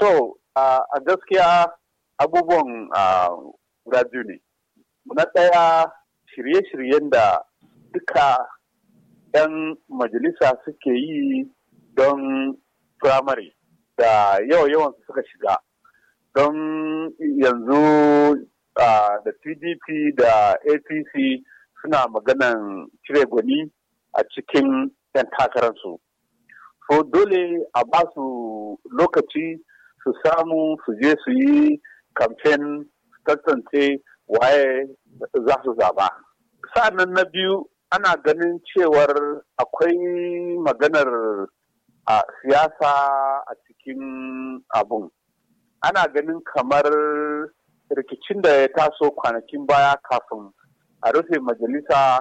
To, a gaskiya abubuwan guda biyu ne. Na ɗaya shirye-shiryen da duka 'yan majalisa suke yi don firamare da yawa-yawan suka shiga. Don yanzu da PDP da APC suna maganan cire gwani a cikin 'yan takararsu. So dole a basu lokaci su samu su je su yi kamfen tantance waye za su zaba. Sa'annan na biyu ana ganin cewar akwai maganar a siyasa a cikin abun. Ana ganin kamar rikicin da ya taso kwanakin baya kafin a rufe majalisa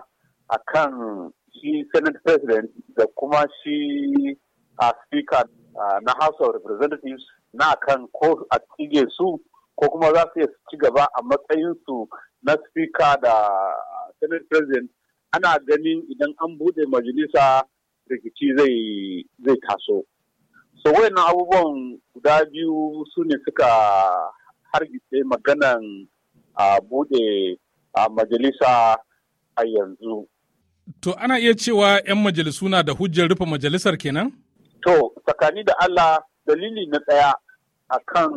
a kan shi senate president da kuma shi a speaker na house of representatives na kan ko a tsige su ko kuma za su ci gaba a matsayinsu na speaker da senate president ana ganin idan an bude majalisa rikici zai taso so wayannan abubuwan guda biyu su ne suka hargitse maganan a bude majalisa a yanzu to ana iya cewa 'yan majalisu na da hujjar rufe majalisar kenan? to tsakani da allah dalili na ɗaya a kan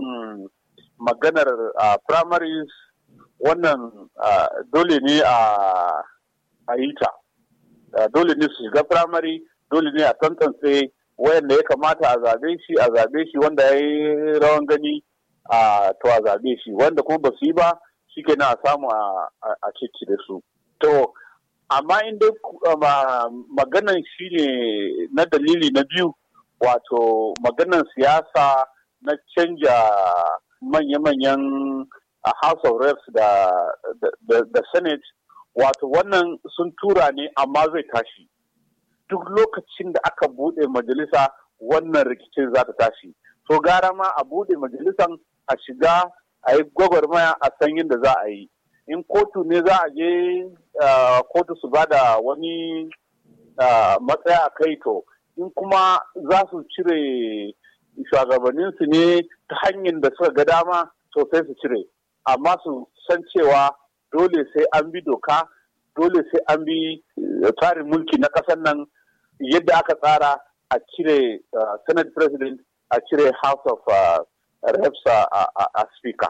maganar primaries wannan dole ne a yi ta dole ne su shiga primary dole ne a tantance wayanda ya kamata a zabe shi a zabe shi wanda ya yi rawan gani a to a zabe shi wanda kuma ba su yi ba shi ke na samu a ciki da su to amma inda maganan shi ne na dalili na biyu wato maganar siyasa na canja manya-manyan uh, House of Reps da, da, Senate wato wannan sun tura ne amma zai tashi duk lokacin da aka bude majalisa wannan rikicin za ta tashi to gara ma a bude majalisan a shiga a yi gwagwarmaya a san da za a yi in kotu ne za a je uh, kotu su ba da wani uh, matsaya a kai to in kuma za su cire shugabanninsu ne ta hanyar da suka ga dama sosai su cire amma su san cewa dole sai an bi doka dole sai an bi eh, tsarin mulki na ƙasar nan yadda aka tsara a cire eh, senate president a cire house of eh, reps a speaker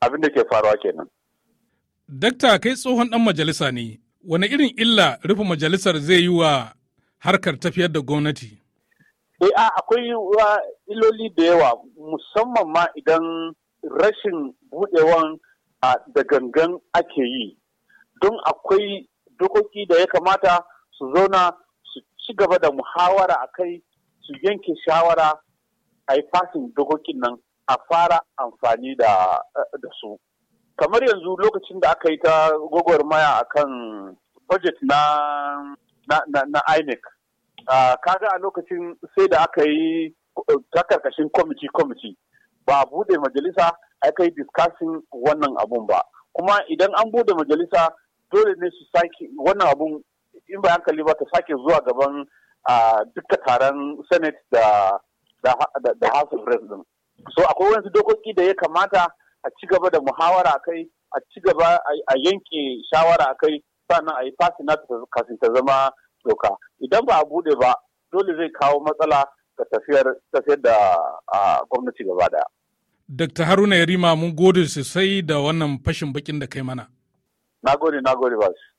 abin da ke faruwa kenan. Dakta kai tsohon ɗan majalisa ne, wani irin illa rufe majalisar zai yi wa harkar tafiyar da gwamnati? Eh, a akwai iloli da yawa musamman ma idan rashin budewan da gangan ake yi don akwai dokoki da ya kamata su zauna su ci gaba da muhawara a kai su yanke shawara a yi fasin dokokin nan a fara amfani da su kamar yanzu lokacin da aka yi ta gwagwarmaya a kan budget na INEC Ah, kaga a lokacin sai da aka yi eh, ta karkashin kwamiti kwamiti ba a bude majalisa aka yi diskasin wannan abun ba kuma idan an bude majalisa dole ne su sake wannan abun in ba hankali ba ta sake zuwa gaban ah, duka taron senate da da house of so akwai wani dokoki da ya kamata a ci gaba da muhawara a kai a ci gaba a yanke shawara a kai sannan a yi fasina ta zama doka idan ba a bude ba dole zai kawo matsala ga tafiyar tafiyar da gwamnati gaba daya Dr. Haruna Yarima mun gode sosai da wannan fashin bakin da kai mana. Na gode, na gode ba su.